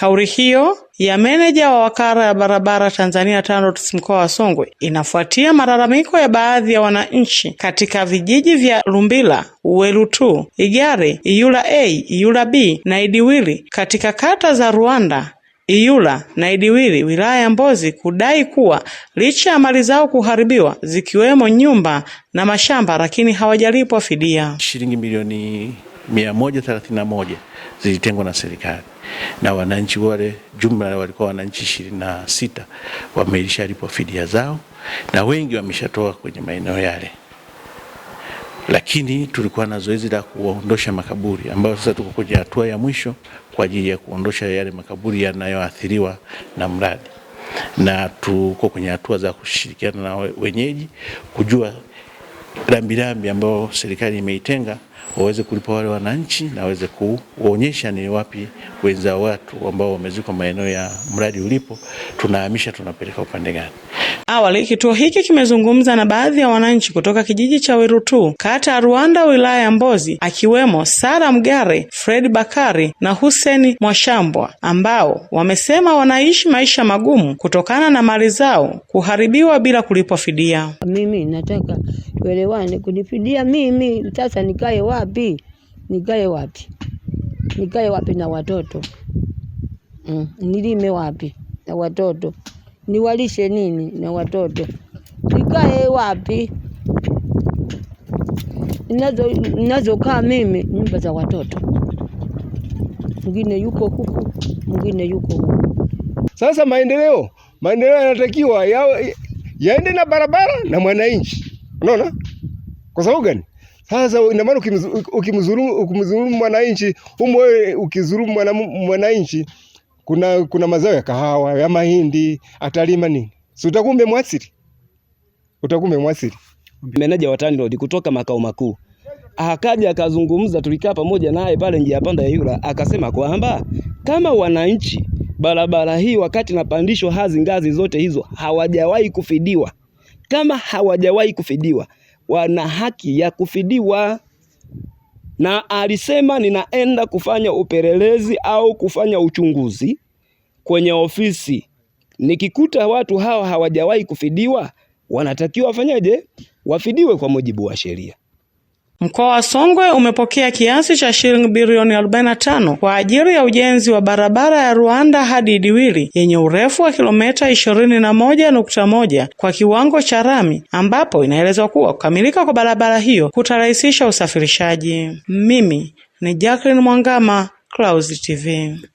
Kauli hiyo ya meneja wa wakala ya barabara Tanzania TANROADS mkoa wa Songwe inafuatia malalamiko ya baadhi ya wananchi katika vijiji vya Lumbila, tu, Igare, Iyula A, Iyula B na Idiwili katika kata za rwanda Iyula na Idiwili wilaya ya Mbozi kudai kuwa licha ya mali zao kuharibiwa zikiwemo nyumba na mashamba, lakini hawajalipwa fidia shilingi milioni mia moja thelathini na moja zilitengwa na serikali na wananchi wale, jumla walikuwa wananchi ishirini na sita wameishalipwa fidia zao na wengi wameshatoka kwenye maeneo yale, lakini tulikuwa na zoezi la kuwaondosha makaburi ambayo sasa tuko kwenye hatua ya mwisho kwa ajili ya kuondosha yale makaburi yanayoathiriwa na mradi, na tuko kwenye hatua za kushirikiana na wenyeji kujua rambirambi ambayo serikali imeitenga waweze kulipa wale wananchi na waweze kuonyesha ni wapi wenza watu ambao wamezikwa maeneo ya mradi ulipo, tunahamisha tunapeleka upande gani. Awali kituo hiki kimezungumza na baadhi ya wananchi kutoka kijiji cha Wirutu, kata ya rwanda wilaya ya Mbozi, akiwemo Sara Mgare, Fred Bakari na Huseni Mwashambwa, ambao wamesema wanaishi maisha magumu kutokana na mali zao kuharibiwa bila kulipwa fidia. Mimi nataka tuelewane, kunifidia mimi sasa, nikae wapi? Nikae wapi? Nikae wapi na watoto mm? Nilime wapi na watoto? niwalishe nini na watoto? Nikae wapi? Ninazokaa mimi nyumba za watoto, mwingine yuko huku, mwingine yuko huku. Sasa maendeleo maendeleo yanatakiwa ya, yaende na barabara na mwananchi, unaona? Kwa sababu gani? Sasa ina maana ukimzulumu mwananchi, umwe ukizulumu mwananchi kuna, kuna mazao ya kahawa ya mahindi, atalima nini? Si utakumbe mwasiri, utakumbe mwasiri. Meneja wa TANROADS kutoka makao makuu akaja akazungumza, tulikaa pamoja naye pale njia panda ya Yura, akasema kwamba kama wananchi barabara hii wakati napandishwa hazi ngazi zote hizo hawajawahi kufidiwa, kama hawajawahi kufidiwa, wana haki ya kufidiwa na alisema ninaenda kufanya upelelezi au kufanya uchunguzi kwenye ofisi nikikuta watu hawa hawajawahi kufidiwa, wanatakiwa wafanyaje? Wafidiwe kwa mujibu wa sheria. Mkoa wa Songwe umepokea kiasi cha shilingi bilioni 45 kwa ajili ya ujenzi wa barabara ya Ruanda hadi Idiwili yenye urefu wa kilomita 21.1 kwa kiwango cha rami, ambapo inaelezwa kuwa kukamilika kwa barabara hiyo kutarahisisha usafirishaji. Mimi ni Jacqueline Mwangama, Clouds TV.